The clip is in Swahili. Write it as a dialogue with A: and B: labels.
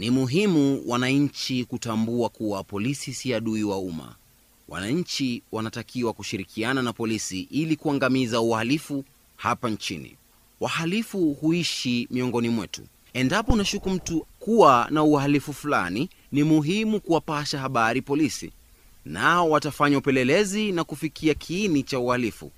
A: Ni muhimu wananchi kutambua kuwa polisi si adui wa umma. Wananchi wanatakiwa kushirikiana na polisi ili kuangamiza uhalifu hapa nchini. Wahalifu huishi miongoni mwetu. Endapo unashuku mtu kuwa na uhalifu fulani, ni muhimu kuwapasha habari polisi, nao watafanya upelelezi na kufikia kiini cha uhalifu.